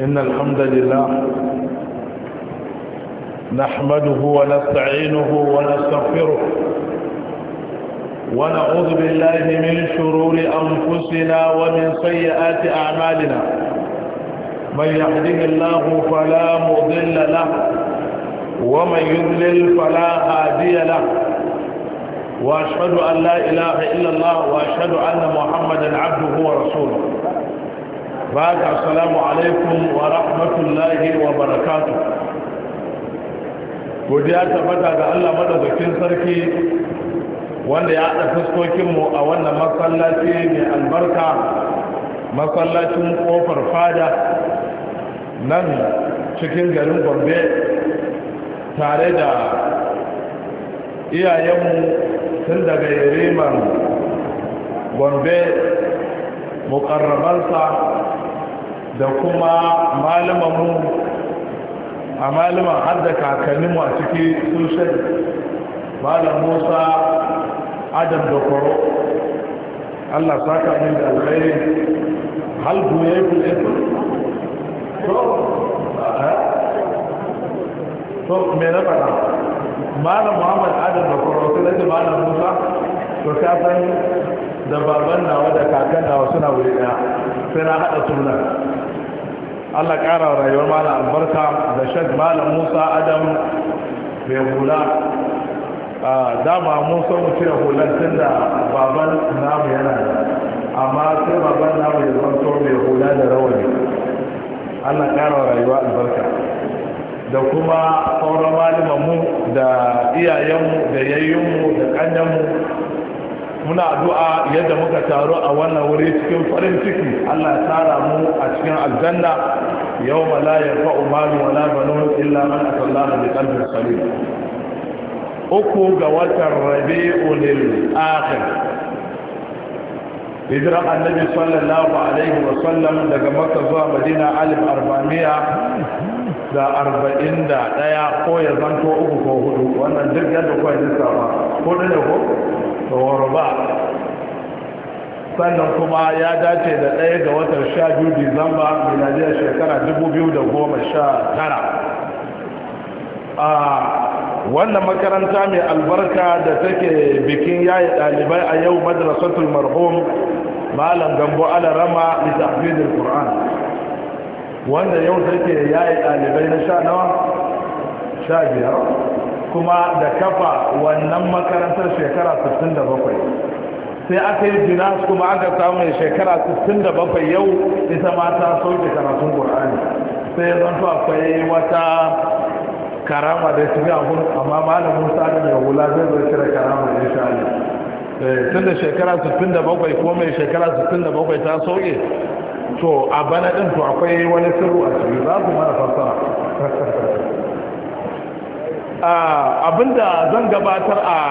إن الحمد لله نحمده ونستعينه ونستغفره ونعوذ بالله من شرور أنفسنا ومن سيئات أعمالنا من يهده الله فلا مضل له ومن يضلل فلا هادي له وأشهد أن لا إله إلا الله وأشهد أن محمدا عبده ورسوله بعد السلام عليكم ورحمة wa barakatu. godiya tabbata ga Allah madaukakin sarki wanda ya haɗa fuskokinmu a wannan masallaci mai albarka masallacin ƙofar fada nan cikin garin gombe tare da iyayenmu tun daga yariman gombe mukarrabansa da kuma malamanmu a malaman har da kakanninmu a ciki sun shaɗi malam musa adam da kwaro allah saka min da alkhairi hal buye ku ɗin to eh? to me na faɗa malam muhammad adam da kwaro sai da malam musa to ka san da baban nawa da kakan nawa suna wuri daya sai na haɗa sunan Allah ƙara wa rayuwar malam albarka da shag malam Musa Adam mai hula dama mun san mu cire hulan tun da baban namu yana amma sai baban namu ya zanto mai hula da rawani Allah ƙara wa rayuwa albarka da kuma sauran malamanmu da iyayenmu da yayyunmu da ƙanyenmu muna addu'a yadda muka taru a wannan wuri cikin farin ciki Allah ya tara mu a cikin aljanna yawma la yanfa'u malu wala banun illa man atalla bi qalbin salim uku ga watan rabi'ul akhir hijira annabi sallallahu alaihi wa sallam daga makka zuwa madina alif arba'amiya da arba'in da ɗaya ko ya zanto uku ko hudu wannan duk yadda kawai nisa ba ko ne ko warba sannan kuma ya dace da ɗaya ga watan sha biyu disamba miladiyar shekara 2019 a wannan makaranta mai albarka da take bikin yayi ɗalibai a yau madrasatul marhum malam gambo alarama da tafidin wanda yau take yayi ɗalibai na sha nawa sha biyar kuma da kafa wannan makarantar shekara 67 sai aka yi jinas kuma aka samu mai shekara 67 yau ita ma ta sauke karatun ƙur'ani sai ya zanto akwai wata karama da su ga hun amma malamin sadin ya hula zai zo kira karama da insha Allah tun da shekara 67 ko mai shekara 67 ta sauke to a bana din to akwai wani sirru a ciki za ku mana fassara abinda zan gabatar a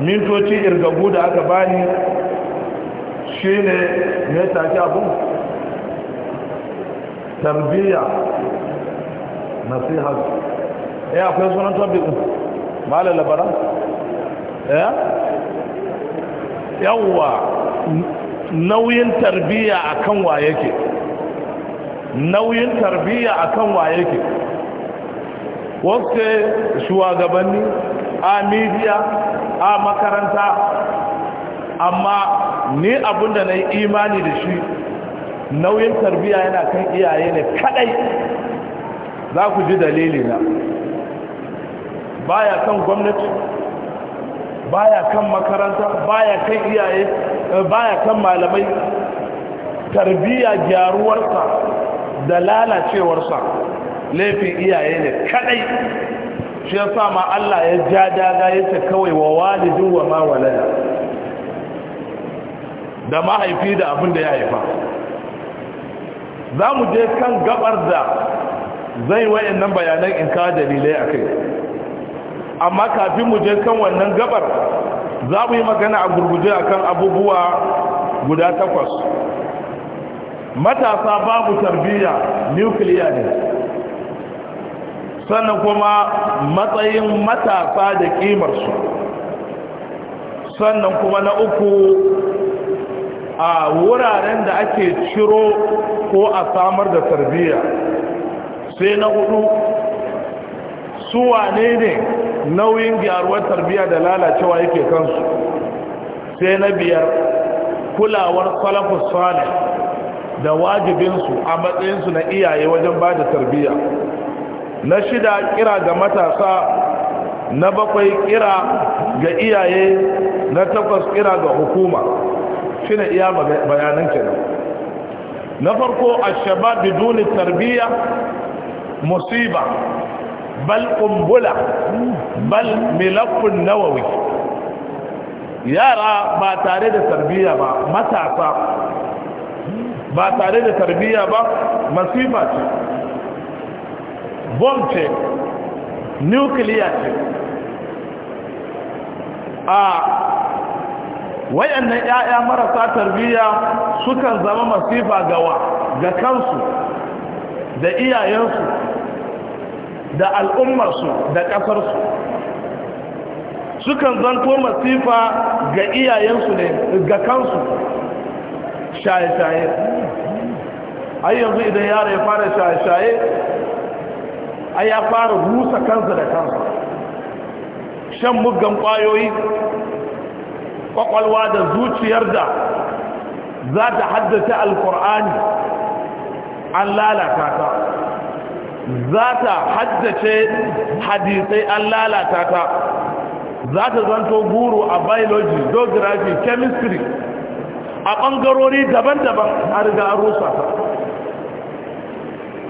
mintoci irgagu da aka bani shi ne mai tafi abin tarbiyya nasihar ya eh, akwai sunan tabi'in ma'ala labara ya eh? yawwa nauyin tarbiyya akan waye ke nauyin tarbiyya akan wa yake wasu shugabanni a midiya a makaranta amma ni abinda na yi imani da shi nauyin tarbiya yana kan iyaye ne kadai za ku ji dalili na baya kan gwamnati baya kan makaranta baya kan iyaye eh, baya kan malamai tarbiya gyaruwarsa da lalacewarsa laifin iyaye ne kadai shi ya sa ma Allah ya ja daga ce kawai wa walidin wa ma walada da mahaifi da abin da ya haifa za mu je kan gabar da zai nan bayanan in ka dalilai a kai, amma kafin mu je kan wannan gabar za mu yi magana a gurguje akan abubuwa guda takwas matasa babu tarbiyya nukiliya ne sannan kuma matsayin matasa da ƙimarsu sannan kuma na uku a wuraren da ake ciro ko a samar da tarbiyya sai na hudu su wane ne nauyin gyaruwar tarbiyya da lalacewa yake kansu sai na biyar kulawar salafus salih da wajibinsu a matsayinsu na iyaye wajen ba da tarbiyya na shida kira ga matasa na bakwai kira ga iyaye na takwas kira ga hukuma shi ne iya bayanan kenan na farko ashabab biduni tarbiya musiba bal kumbula bal nawa nawawi yara ba tare da tarbiya ba matasa ba tare da tarbiya ba masifa ce bom ce nukiliya ce a wayannan ‘ya'ya marasa tarbiyya sukan zama masifa gawa ga kansu da iyayensu da al'ummarsu da ƙasarsu sukan zanto masifa ga iyayensu ne ga kansu shaye-shaye ayyanzu yanzu idan yaro ya fara shaye-shaye Aya ya fara rusa kansa da kansa shan muggan kwayoyi kwakwalwa da zuciyar da za ta haddace alkur'ani an lalata ta za ta haddace hadisai an lalata ta za ta zanto guru a biology geography chemistry a ɓangarori daban-daban a riga an rusa ta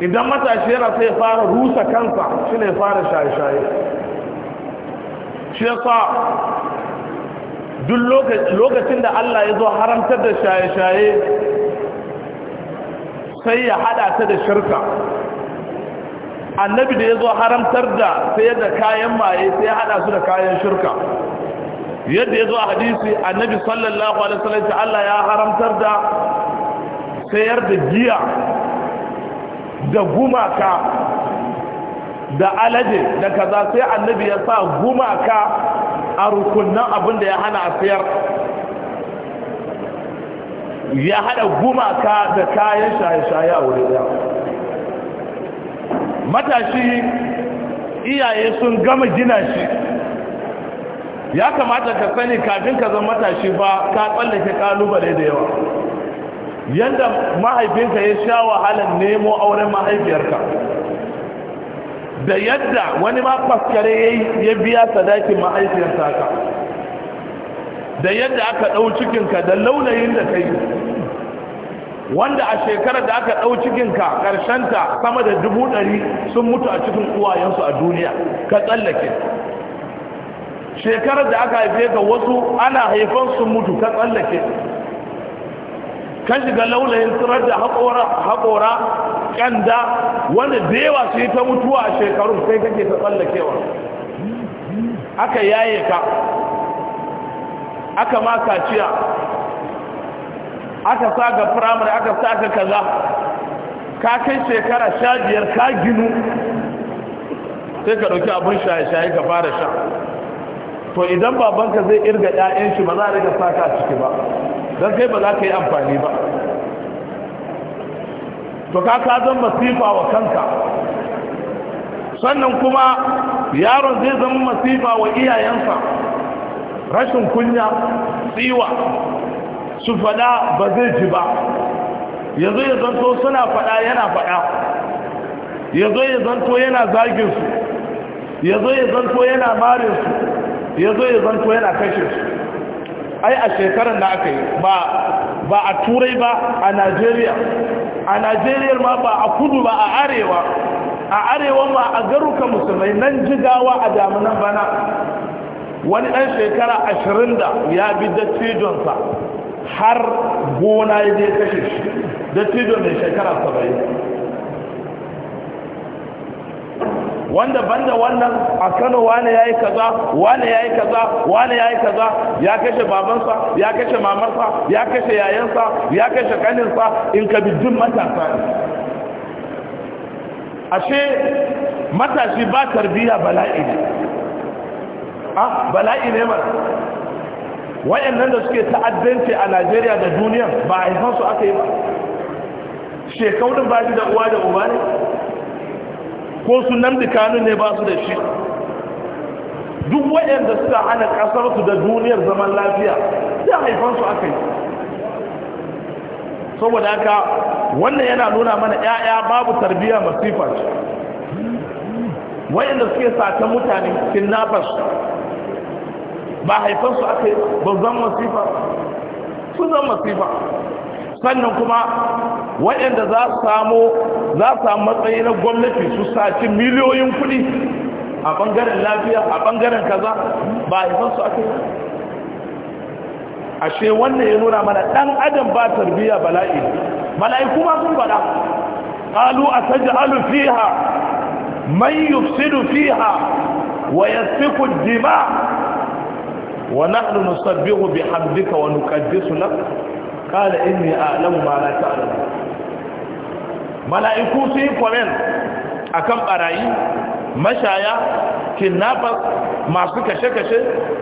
idan matashi yana sai fara rusa kansa shi ne fara shaye-shaye shi yasa duk lokacin da Allah ya zo haramtar da shaye-shaye sai ya hada ta da shirka annabi da ya zo haramtar da sai da kayan maye sai ya hada su da kayan shirka yadda ya zo a hadisi annabi sallallahu alaihi wasallam Allah ya haramtar da sayar da giya da gumaka da alaje da kaza sai annabi ya sa gumaka a rukunan abin da ya hana a sayar ya hada gumaka da kayan shaye-shaye a wuri ya matashi iyaye sun gama gina shi ya kamata ka sani kafin ka zama matashi ba ka tsallake kalubale da yawa Yadda mahaifinka ya sha wahalar nemo auren mahaifiyarka da yadda wani ma faskare ya biya sadakin mahaifiyarsa ka da yadda aka ɗau cikinka da launayin da kai wanda a shekarar da aka ɗau cikinka ta sama da dubu ɗari sun mutu a cikin uwayensu a duniya ka tsallake shekarar da aka haife ka wasu ana haifan sun mutu ka tsallake ka shiga laulayin tsirar da haƙora ƙanda wanda da yawa shi ta mutuwa a shekaru sai kake ta tsallakewa aka yaye ka aka ma kaciya aka sa ga firamare aka sa ka kaza ka kai shekara sha biyar ka ginu sai ka ɗauki abin shaye-shaye ka fara sha to idan babanka zai irga 'ya'yan shi ba za a riga saka a ciki ba don kai ba za ka yi amfani ba to ka ka zan masifa wa kanka sannan kuma yaron zai zama masifa wa iyayensa rashin kunya tsiwa su fada ba zai ji ba yanzu ya zanto suna fada yana fada yanzu ya zanto yana zagin su yanzu ya zanto yana mare su yanzu ya zanto yana kashe su ai a shekarar da aka yi ba a turai ba a najeriya a najeriya ma ba a kudu ba a arewa a arewa ma a garuka musulmai nan jigawa a damunan bana wani ɗan shekara ashirin da ya bi dattijonsa har gona ya je kashe shi dattijon mai shekara saba'in wanda banda wannan a Kano wane ya yi kaza wane ya yi kaza wane ya yi kaza ya kashe babansa ya kashe mamarsa ya kashe yayansa ya kashe kaninsa in ka bi duk matasa ashe matashi ba tarbiya bala'i ne ah bala'i ne mara wayannan da suke ta'addanci a Najeriya da duniya ba a haifansu aka yi ba shekaru ba shi da uwa da uba ne ko su nan dukkanin ne ba su da shi duk waɗanda suka hana ƙasarsu da duniyar zaman lafiya sai haifansu aka yi saboda haka wannan yana nuna mana 'ya'ya babu tarbiyya masifa waɗanda suke sata mutane kidnappers ba haifansu aka yi ba zan masifa su zan masifa sannan kuma waɗanda za su samu za su samu matsayi na gwamnati su saci miliyoyin kuɗi a ɓangaren lafiya a ɓangaren kaza ba a haifar su ake ashe wannan ya nuna mana ɗan adam ba tarbiyya bala'i Bala'i kuma sun faɗa ƙalu a taj'alu fiha man yufsidu fiha wa yasfiku dima ونحن نسبح بحمدك ونقدس لك قال إني أعلم ما لا تعلم mala'iku su yi kwamen a kan ɓarayi mashaya kidnappers masu kashe-kashe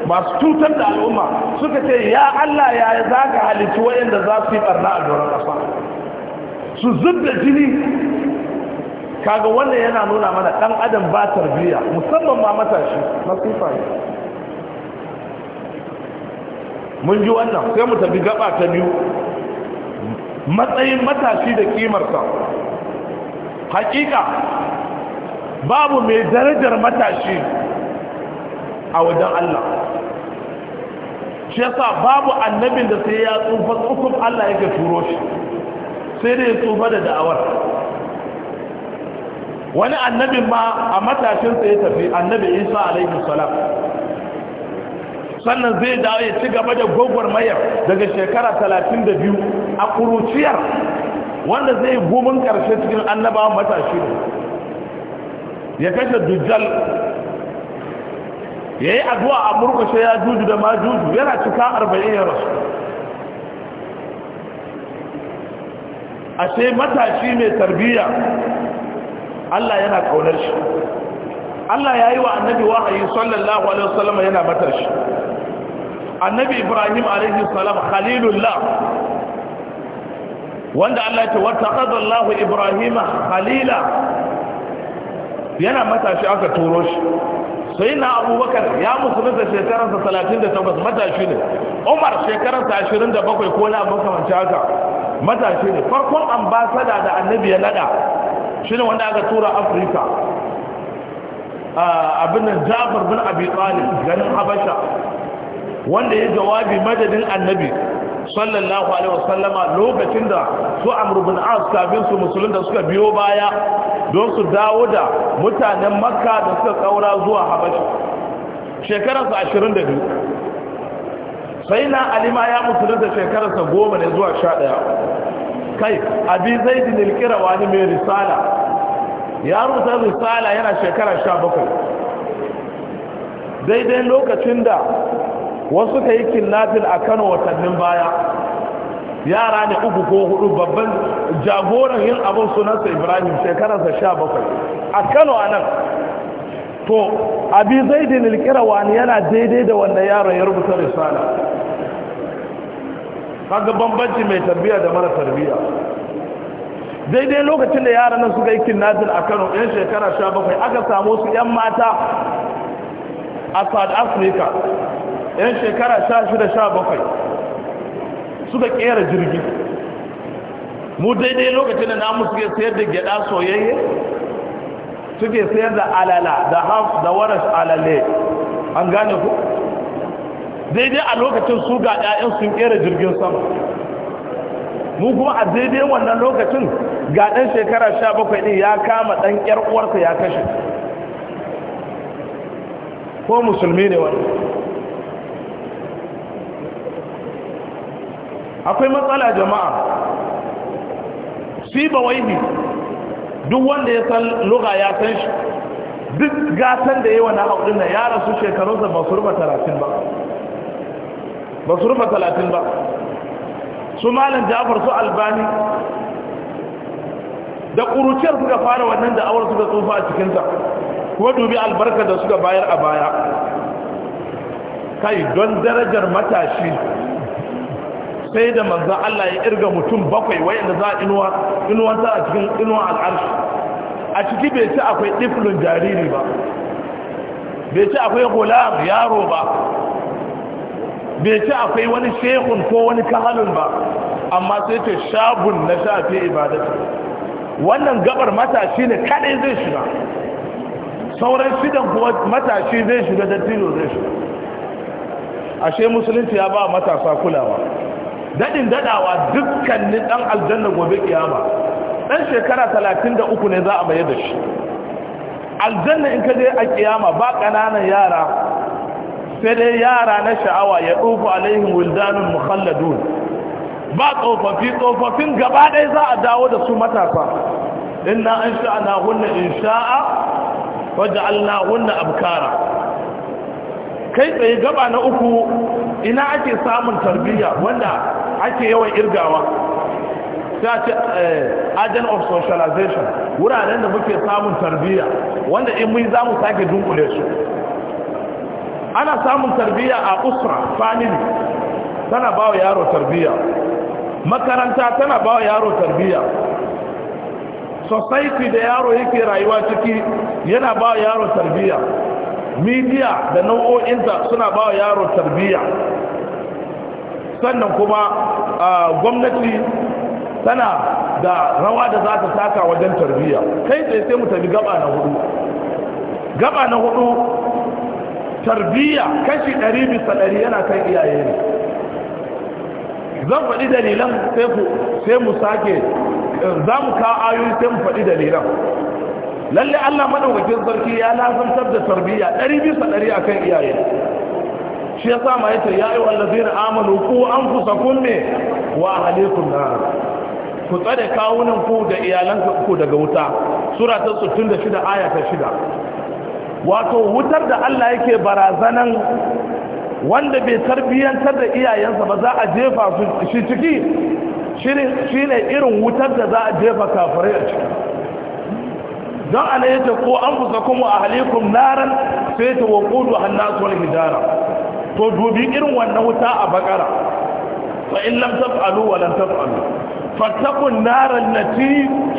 masu tutar da al'umma suka ce ya Allah ya za ka halittu wa'inda za su yi ɓarna a doron ƙasa su zub da jini kaga wannan yana nuna mana ɗan adam ba tarbiyya musamman ma matashi na sifa mun ji wannan sai mu tafi gaba ta biyu matsayin matashi da kimarsa hakika babu mai darajar matashi a wajen Allah shi yasa babu annabin da sai ya tsufa tsufin Allah yake turo shi sai dai ya tsufa da da'awar wani annabin ma a matashinsa ya tafi annabi isa alaihi salam sannan zai dawo ya ci gaba da gwagwarmayar daga shekara 32 a kuruciyar wanda zai gomin karshe cikin annabawan matashi ne ya kashe dujjal ya yi addu'a a murkushe ya juju da ma juju yana cika arba'in ya rasu ashe matashi mai tarbiyya Allah yana kaunar shi Allah ya yi wa annabi wahayi sallallahu alaihi wasallam yana matashi annabi ibrahim alaihi salam khalilullah wanda Allah ta wata Allahu Ibrahim Halila, yana matashi aka turo shi sai na abubakar ya musulunta shekararsa talatin da tabbas matashi ne umar shekararsa ashirin da bakwai, ko na makamanci haka matashi ne farkon ambasada da annabi ya nada shi ne wanda aka tura afirka abin nan jafar bin abi talib ganin habasha wanda ya jawabi madadin annabi sallallahu alaihi wasallama lokacin da su amru bin as kafin su musulun da suka biyo baya don su dawo da mutanen makka da suka kaura zuwa habashi shekarar su 22 sai na alima ya musulun da shekarar sa 10 ne zuwa 11 kai abi zaidin al wani mai risala ya rubuta risala yana shekara 17 daidai lokacin da wasu ka yi kidnapping a kano watannin baya yara ne uku ko hudu babban jagoran yin abin sunansa ibrahim shekararsa sha bakwai a kano a nan to abi nilkira wani yana daidai da wanda yaro ya rubuta risala kaga bambanci mai tarbiya da mara tarbiya daidai lokacin da yaran nan suka yi kinnazin a kano yan shekara sha bakwai aka samu su yan mata a south africa yan shekara sha shida sha bakwai suka kera jirgi mu daidai lokacin da namu suke sayar da gyada soyayye suke sayar da alala da haf da waras alale an gane ku daidai a lokacin su ga 'ya'yan sun kera jirgin sama mu kuma a daidai wannan lokacin ga ɗan shekara sha bakwai ɗin ya kama ɗan ƴar uwarsa ya kashe ko musulmi ne wani akwai matsala jama'a siba waihi duk wanda ya san luga ya san shi duk gasan da yawa na haɗin na ya rasu shekarunsa ba su rufa talatin ba su rufa talatin ba su malin jafar su albani da ƙuruciyar suka fara wannan da awar suka tsufa a cikinta kuma dubi albarka da suka bayar a baya kai don darajar matashi sai da manzan Allah ya irga mutum bakwai wayanda za inuwa inuwa ta a cikin inuwa al'arshi a ciki bai ci akwai ɗiflin jariri ba bai ci akwai gulam yaro ba bai ci akwai wani shehun ko wani kahalun ba amma sai ce shabun na shafi ibadatu wannan gabar matashi ne kadai zai shiga sauran shidan kuwa matashi zai shiga da zai shiga ashe musulunci ya ba matasa kulawa dadin dadawa dukkanin dan aljanna gobe kiyama dan shekara 33 ne za a maye da shi aljanna in ka je a kiyama ba kananan yara sai dai yara na sha'awa ya dufu alaihim wildanun mukhalladun ba tsofaffi tsofaffin gaba ɗaya za a dawo da su matasa inna an na hunna insha'a waja'alna hunna abkara kai tsaye gaba na uku ina ake samun tarbiyya wanda ake yawan irgawa ta ce eh, agent of socialization wuraren da muke samun tarbiyya wanda in mun za mu sake dunkule su ana samun tarbiyya a usra family tana ba wa yaro tarbiyya makaranta tana ba wa yaro tarbiyya society da yaro yake rayuwa ciki yana ba wa yaro tarbiyya media da nau'o'inta suna ba wa yaro tarbiyya sannan kuma gwamnati tana da rawa da za ta taka wajen tarbiyya kai tsaye sai mu tafi gaba na hudu gaba na hudu tarbiyya kashi ɗari bisa ɗari yana kan iyaye ne zan faɗi dalilan sai mu sake za mu kawo ayoyi sai mu faɗi dalilan lalle allah maɗaukakin sarki ya lasantar da tarbiyya ɗari bisa ɗari a kan iyaye shi ya sama ya ce ya yi wallazina amalu ku an kusa kunne wa halittun na ku tsare kawunan ku da iyalan ku daga wuta sura ta 66 shida, ta 6 wato wutar da Allah yake barazanan wanda bai tarbiyyantar da iyayensa ba za a jefa su shi ciki shi ne irin wutar da za a jefa kafirai a ciki don ana yace ko an fusa kuma a halikun naran sai ta wakudu hannatuwar hijara to dubi irin wannan wuta a bakara fa in lam taf'alu wa lan taf'alu fattakun naran lati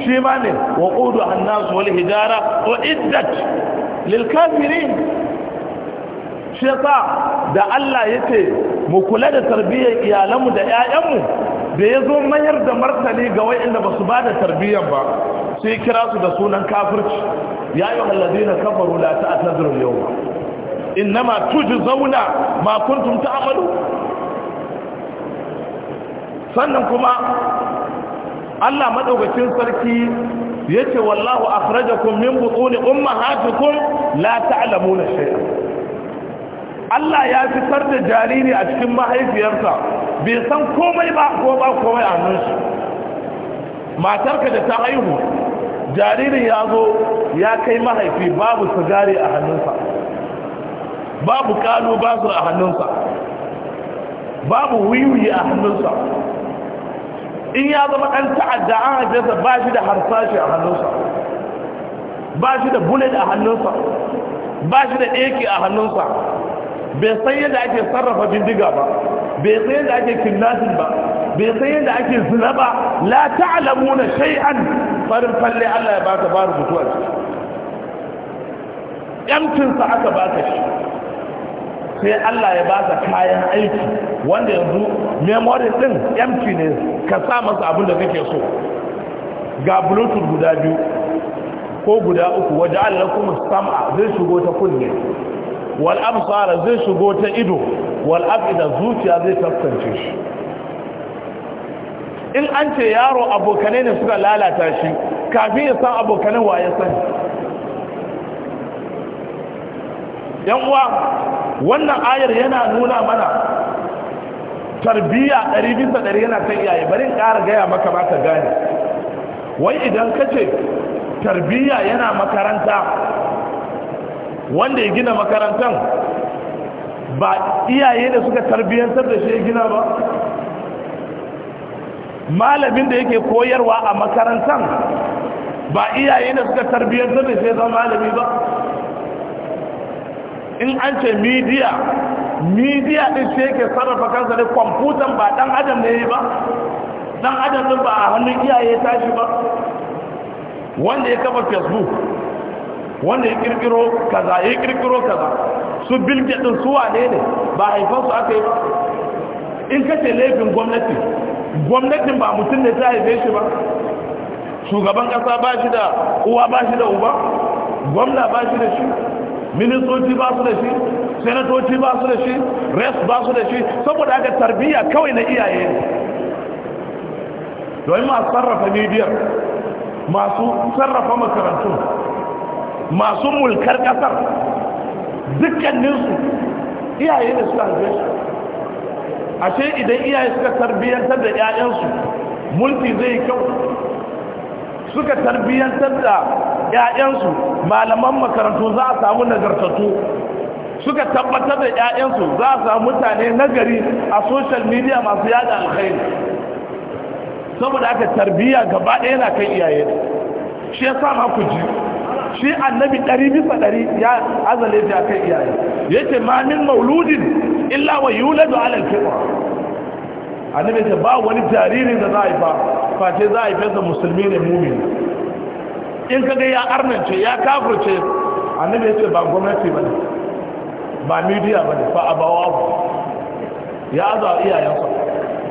shi ma ne wa qudu annas wal hijara wa iddat lil shi yasa da Allah ya ce mu kula da tarbiyyar iyalanmu da 'ya'yanmu da ya zo mayar da martani ga wa'inda ba su ba da tarbiyyar ba sai kira su da sunan kafirci ya yi na kafaru la ta'tadiru yau innama tujzauna ma kuntum ta'malu sannan kuma Allah madaukakin sarki yace wallahu akhrajakum min butuni ummahatikum la ta'lamuna shay'a Allah ya fitar da jariri a cikin mahaifiyarsa bai san komai ba ko ba komai a nan matarka da ta haihu jaririn ya zo ya kai mahaifi babu sigari a hannunsa babu kano basur a hannunsa babu wiwi a hannunsa in ya zama ɗan ta'adda an hajjarsa ba shi da harsashi a hannunsa ba shi da bullet a hannunsa ba shi da eke a hannunsa bai san yadda ake sarrafa bindiga ba bai san yadda ake kidnapping ba bai san yadda ake zina ba la ta'lamu na shay'an farin falle Allah ya ba ta ba rubutu a ciki aka ba ta shi sai Allah ya ba ka kayan aiki wanda yanzu memory din empty ne ka sa masa abin da kake so ga bluetooth guda biyu ko guda uku waje Allah kuma sam'a zai shigo ta kunne wal absara zai shigo ta ido wal afida zuciya zai tantance shi in an ce yaro abokanai ne suka lalata shi kafin ya san abokanan ya sani yan uwa wannan ayar yana nuna mana tarbiyya ɗari bisa ɗari yana kan iyaye bari ƙara gaya maka ba ka gane wai idan ka ce tarbiyya yana makaranta wanda ya gina makarantar ba iyaye da suka tarbiyyantar da shi ya gina ba malamin da yake koyarwa a makarantar ba iyaye da suka tarbiyyantar da shi ya zama malami ba in an ce midiya, midiya din sai ke sarrafa kansa ne kwamfutan ba dan adam ne ba dan adam din ba a hannun iyaye tashi ba wanda ya kafa facebook wanda ya kirkiro kaza ya kirkiro kaza su bilge din su wane ne ba haifansu aka yi ba in kace laifin gwamnati gwamnatin ba mutum ne ta haife shi ba shugaban kasa ba shi da uwa ba shi da uba gwamna ba shi da shi ministoci ba su da shi senatoci ba su da shi res ba su da shi saboda haka tarbiyya kawai na iyaye domin masu sarrafa midiyar masu sarrafa makarantu masu mulkar kasar dukkaninsu iyaye ne suka shi a ashe idan iyaye suka tarbiyyantar da 'ya'yansu mulki zai kyau suka tarbiyyantar da ‘ya'yansu malaman makarantu za a samu nagartattu suka tabbatar da ‘ya'yansu za a samu mutane nagari a social media masu yada alkhairi saboda aka tarbiyya gaba ɗaya na kan iyaye shi ya sa ma ku ji shi annabi ɗari bisa ɗari ya azale ta kan iyaye yake ma min mauludin illa wa da ala alfitra annabi ce ba wani jaririn da za a haifa face za a haife musulmi ne mumini in ka ga ya arnance ya kafirce annabi ya ce ba gwamnati ba ne ba midiya ba ne ba abawa ya za iyayensa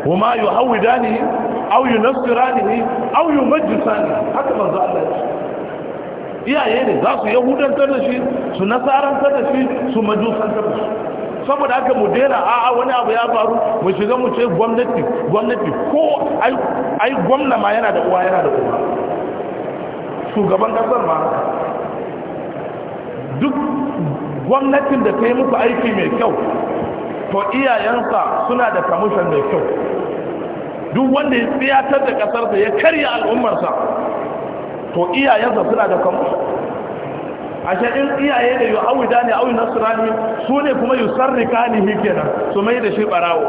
kuma yi hauwida ne au yi nasira ne au yi majisa ne haka manzo Allah ce iyaye ne za su yahudantar da shi su nasarantar da shi su majusantar da shi saboda haka mu dena a a wani abu ya faru mu shiga mu ce gwamnati gwamnati ko ai gwamna ma yana da uwa yana da uwa shugaban kasar ma duk gwamnatin da ta yi musu aiki mai kyau to iyayensa suna da kamushan mai kyau duk wanda ya tsiyatar da ƙasarsa ya karya al'ummarsa to iyayensa suna da kamushan ashe in iyaye da yi awi da ne awi nasirani su ne kuma yi sarrika ne kenan su mai da shi barawo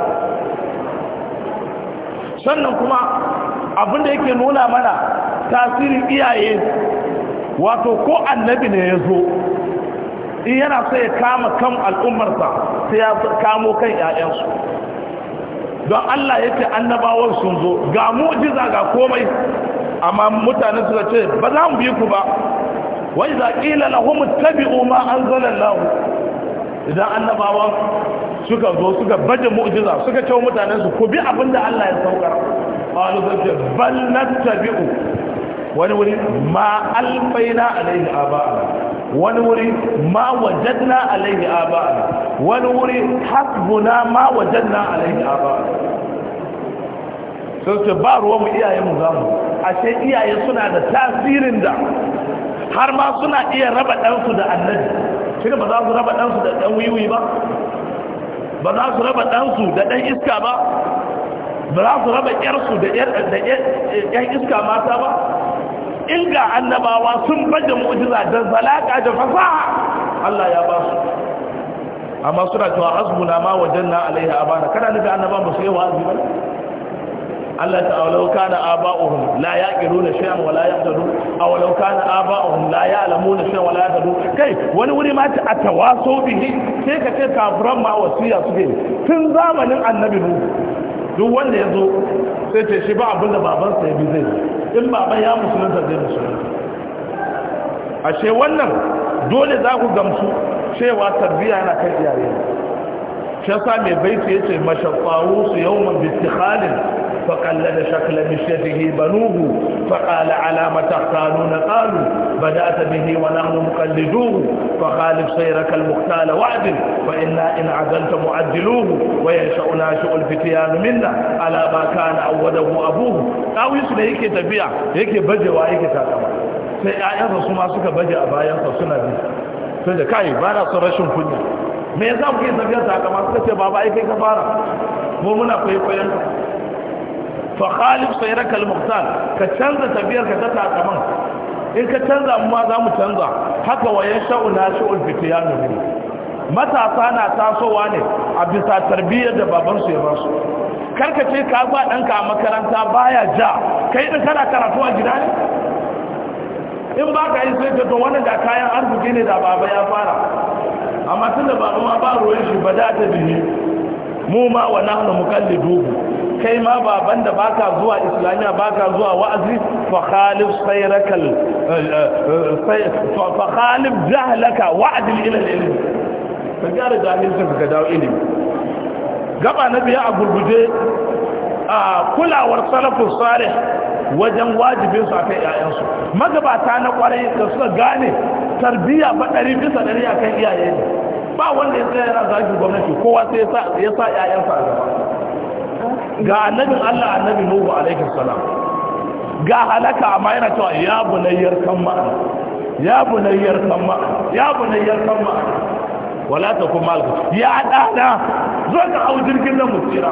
sannan kuma abinda yake nuna mana tasirin iyaye wato ko annabi ne ya zo in yana so ya kama kan al'ummarsa sai ya kamo kan 'ya'yansu don Allah ya ce annabawar sun zo ga mu'jiza ga komai amma mutane suka ce ba za mu bi ku ba wai za ƙila lahum tabi'u ma anzalallahu idan annabawan suka zo suka baje mu'jiza suka ce mutanen su ku bi abinda Allah ya saukar qalu bal nattabi'u wani wuri ma alfaina alaihi aba'ana wani wuri ma wajadna alaihi aba'ana wani wuri hasbuna ma wajadna alaihi aba'ana sai ce ba ruwa mu iyayen mu zamu ashe iyaye suna da tasirin da har ma suna iya raba ɗansu da annabi shi ba za su raba ɗansu da ɗan wiwi ba ba za su raba ɗansu da ɗan iska ba ba za su raba ƴarsu da ƴan iska mata ba in ga annabawa sun bada mu'jiza da zalaka da fasaha Allah ya ba su amma suna cewa hasbuna ma wajanna alaiha abana kana nufi annabawan ba su yi wa'azi ba Allah ta awalau kana aba'uhum la yaqiluna shay'an wa la yahtadun awalau kana aba'uhum la ya'lamuna shay'an wa la yahtadun kai wani wuri ma ta atawaso bihi sai ka ce kafiran ma wasiya suke tun zamanin annabi nuhu duk wanda ya zo sai ce shi ba abinda babansa ya bi zai in baban ya musulunta zai musulunta ashe wannan dole za ku gamsu cewa tarbiyya yana kan iyaye shi yasa mai baiti yace mashakwaru su yau mabitikhalin فقلد شكل مشيته بنوه فقال على ما تختارون قالوا بدأت به ونحن مقلدوه فخالف سيرك المختال وعد فإنا إن عدلت معدلوه وينشأ ناشئ الفتيان منا على ما كان أوله أبوه أو يسمى يكي تبيع يكي بجوا يكي تاكما سيئا رسوما سكا بجأ بايا سنة بي سيئا كاي بانا صرشن كنيا me yasa kuke tafiyar sakamakon ce baba ai kai ka fara mu muna kwaikwayon ka fa khalif sayraka al-muqtal ka canza tabiyar ka ta takaman in ka canza amma za mu canza haka wayan sha'u na sha'ul fitiyanu ne matasa na tasowa ne a bisa tarbiyyar da babansu ya su karka ce ka ba ɗanka a makaranta baya ja kai din kana karatu a gida ne in ba ka yi sai ka to wannan da kayan arziki ne da baba ya fara amma tun da baba ma ba ruwan shi ba da ta biyu mu ma wa nahnu mukallidu kai ma baban da baka zuwa islamiya baka zuwa wa'azi fa khalif sayrakal eh, eh, eh, fa jahlaka wa'dil ila ka gyara jahilcin ka dawo ilimi gaba na biya a gurguje a kulawar salafus salih wajen wajibin su akan iyayensu magabata na kwarai da suka gane tarbiyya faɗari ɗari bisa ɗari akan iyaye ba wanda ya tsaya yana zagin gwamnati kowa sai ya sa 'ya'yansa a gaba ga annabin Allah annabi Nuhu alaihi salam ga halaka amma yana cewa ya bunayyar kan ma'ana ya bunayyar kan ma'ana ya bunayyar kan ma'ana wala ta kuma alku ya dana zo ka hau jirgin nan mutira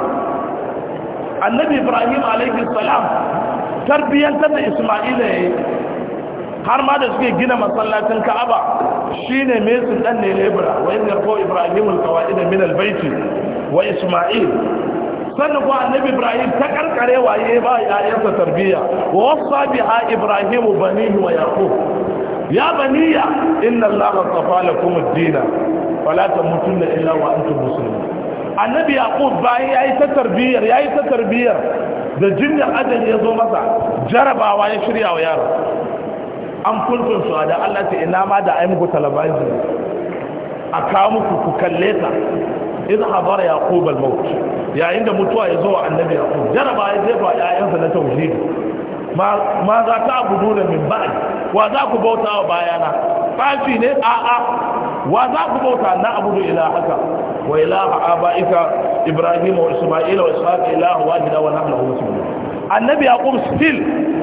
annabi Ibrahim alaihi salam tarbiyantar da Isma'ila yayi har ma da suke gina masallacin Ka'aba shine mesin dan ne Ibra wa inna ko Ibrahim al-qawaid min al-bayt wa Isma'il sannan kuwa annabi ibrahim ta karkare waye ba yayansa tarbiyya wa wasa biha ibrahimu banihi wa yaqub ya baniya inna allaha safa lakum ad-din fala tamutunna illa wa antum muslimun annabi yaqub bayan yayi ta tarbiyyar yayi ta tarbiyyar da jinnin ajali ya zo masa jarabawa ya shirya wa yaro an kulkun su da Allah ta ina ma da ai muku talabijin a kawo muku ku kalle ta idh hadara yaqub al-maut yayin da mutuwa ya zo wa annabi yaqub jaraba ya jefa 'ya'yansa na tauhidi ma za ta abudu da min ba'i wa za ku bauta wa bayana fafi ne a'a wa za ku bauta na abudu ila haka wa ilaha aba'ika ibrahim wa isma'il wa ishaq ilahu wahida wa nahnu lahu muslimun annabi yaqub still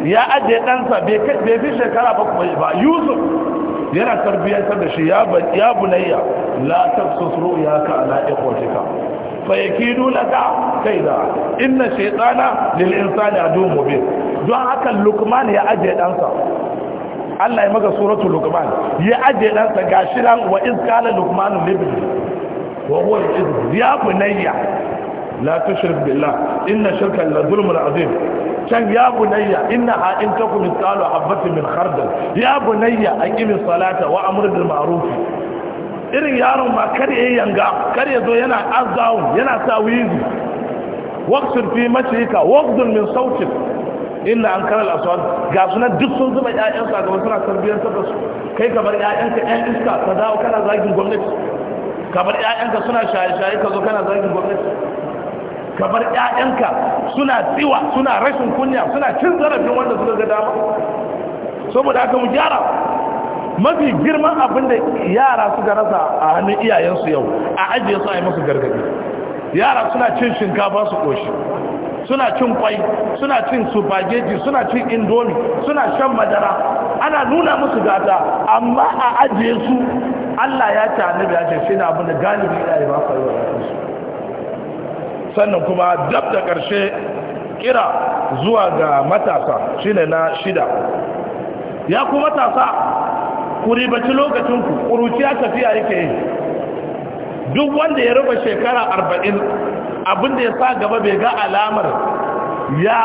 ya aje ɗansa bai fi shekara ba kuma ba yusuf yana tarbiyyantar da shi ya bunayya la tafsus ru'yaka ala ikhwatika fa yakidu laka kaida inna shaytana lil insani aduwwun mubin don haka lukman ya aje ɗansa Allah ya maka suratu lukman ya aje ɗansa gashi nan wa iz kana lukmanu libni wa huwa izbi ya bunayya la tushrik billah inna shirka la zulmun azim can ya bunayya inna ha in takum misalu habatin min khardal ya bunayya aqimi salata wa amr bil ma'ruf irin yaron ma kar yi yanga kar ya zo yana azzaun yana sa wizi waqsir fi mashika waqdun min sautik inna ankara al-aswad ga sunan duk sun zuba ƴaƴan sa ga suna tarbiyyar da su kai kamar ƴaƴanka ƴan iska ka dawo kana zagin gwamnati kamar ƴaƴanka suna shaye-shaye ka zo kana zagin gwamnati Kamar 'ya'yanka ƴaƴanka suna tsiwa suna rashin kunya suna cin zarafin wanda suka ga dama saboda haka mu gyara mafi girman abin da yara suka rasa a hannun iyayensu yau a ajiye su a yi musu gargadi yara suna cin shinkafa su koshi suna cin kwai suna cin sufageji suna cin indomi suna shan madara ana nuna musu gata amma a ajiye su allah ya ce annabi ya ce shi na abin da galibi iyaye ba su yi wa sannan kuma dab da ƙarshe kira zuwa ga matasa shine na shida ya ku matasa ku ribaci lokacinku ƙuruciya tafiya yake yi duk wanda ya rufe shekara arba'in abinda ya sa gaba bai ga alamar ya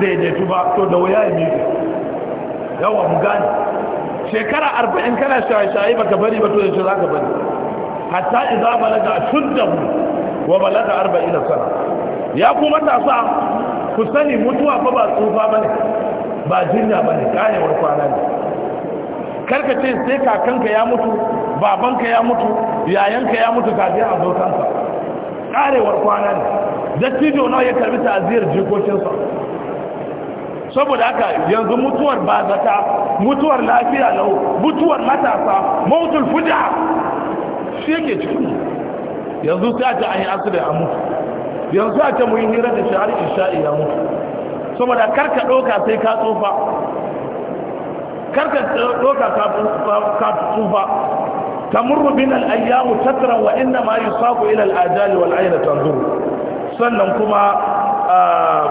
daidaitu ba to da wuya ya miƙe yawa mu gani shekara arba'in kana shaye-shaye baka bari ba to yace za ka bari hatta idan balaga shudda mu wa balaga arba'in sana ya kuma tasa ku sani mutuwa fa ba tsufa bane ba jinya bane karewar kwana ne karka ce sai kakanka ya mutu babanka ya mutu yayanka ya mutu kafin a zo kanka karewar kwana ne dattijo nawa ya karbi ta'aziyar jikokinsa saboda haka yanzu mutuwar ba bazata mutuwar lafiya lau mutuwar matasa mautul fuja shi yake cikin yanzu sai a ce an yi asirin a mutu yanzu a ce mu yi hira da shahar isha'i ya mutu saboda karka ɗauka sai ka tsofa karka ɗauka ka tsufa ta murru bin al'ayyamu tattara wa inda ma yi saku ila al'ajali wal aina tanzuru sannan kuma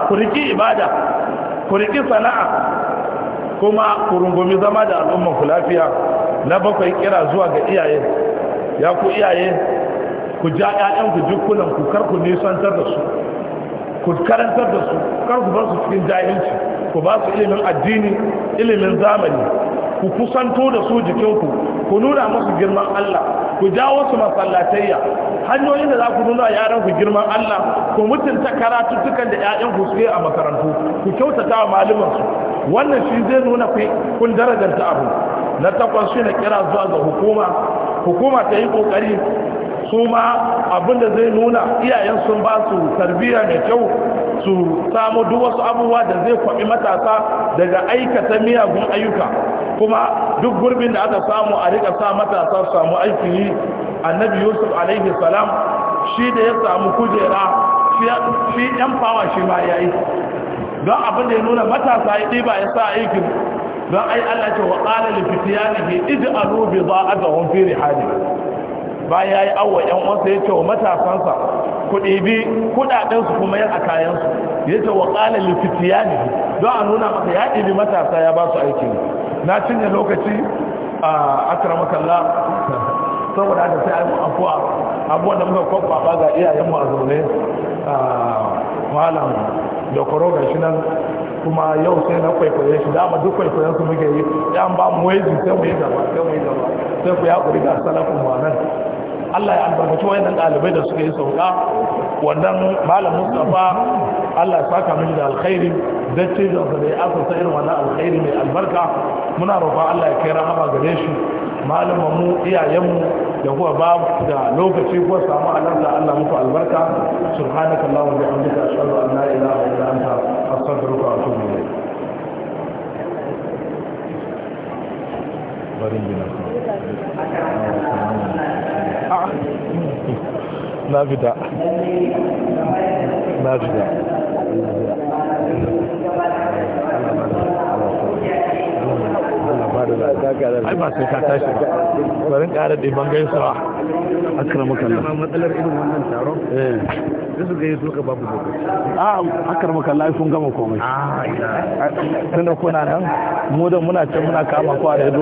ku riƙi ibada ku riƙi sana'a kuma ku rungumi zama da al'umman ku lafiya na bakwai kira zuwa ga iyaye ya ku iyaye ku ja ƴaƴanku jikunan ku kar ku nisantar da su ku karantar da su kar ku su cikin jahilci ku ba su ilimin addini ilimin zamani ku kusanto da su jikinku ku nuna musu girman Allah ku jawo su masallatayya hanyoyin da za ku nuna yaran ku girman Allah ku mutunta karatuttukan da ƴaƴan ku suke a makarantu ku kyautata wa malaman su wannan shi zai nuna ku kun darajar ta abu na takwas shi na kira zuwa ga hukuma hukuma ta yi kokari su ma abinda zai nuna iyayen sun ba su tarbiyya mai kyau su samu duk wasu abubuwa da zai kwaɓi matasa daga aikata miyagun ayyuka kuma duk gurbin da aka samu a rika sa matasa su samu aikin yi annabi yusuf alaihi salam shi da ya samu kujera fi yan fawa shi ma ya yi don abin da ya nuna matasa ya ɗiba ya sa aikin don ai allah ce wa ƙalar ke iji rubi za a ga wani firi hali bayan ya yi awa yan uwansa ya ce wa matasansa kuɗi bi kuɗaɗensu kuma yan a kayansu ya ce wa ƙala ne don a nuna masa ya ɗibi matasa ya ba su aikin na cinye lokaci a akramakalla saboda da sai aiki afuwa abubuwan da muka kwakwa ba ga iyayen mu a zaune malam da kwaro ga shi nan kuma yau sai na kwaikwaye shi dama duk kwaikwayen su muke yi ya ba mu waje sai mu yi gaba mu yi gaba sai ku ya kuri ga salafin ma nan Allah ya albarkaci wayannan ɗalibai da suka yi sauka wannan malam Mustapha Allah ya saka mini da alkhairi dattijansa da ya asasa irin wannan alkhairi mai albarka muna roƙon Allah ya kai rahama gare shi mu, iyayen mu, da kuwa ba da lokaci kuwa samu halarta Allah muku albarka subhanakallahu wa bihamdika ashhadu an la ilaha illa anta astaghfiruka wa atubu ilayk barin gina na fita na fita ai ba sai ka tashi ba barin ƙara ɗiban sawa akramakallah ma matsalar irin wannan eh su ka babu lokaci a akramakallah kun gama komai ah, tunda kuna nan mu da muna can muna kama ku a redo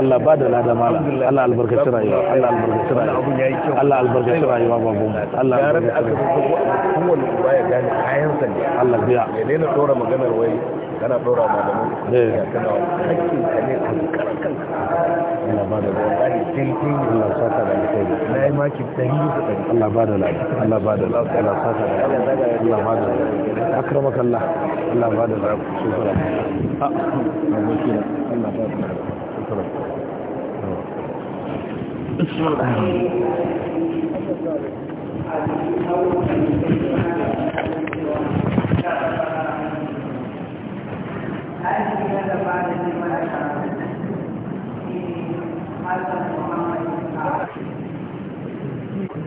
Allah ba da lada mala Allah albarkaci rayuwa Allah albarkaci rayuwa Allah albarkaci rayuwa babu Allah ya rabu uba ya gane kayan Allah biya ya daina tsora maganar wai kana dora malamai eh. ya kana hakkin ka ne a karan kanka Allah ba da wallahi daidai ne Allah saka da kai na maki dari da dari Allah ba da lafiya Allah ba da lafiya Allah saka da Allah ba da lafiya akramaka ah. Allah Allah ba da lafiya shukran a Allah ba da shukran Thank you.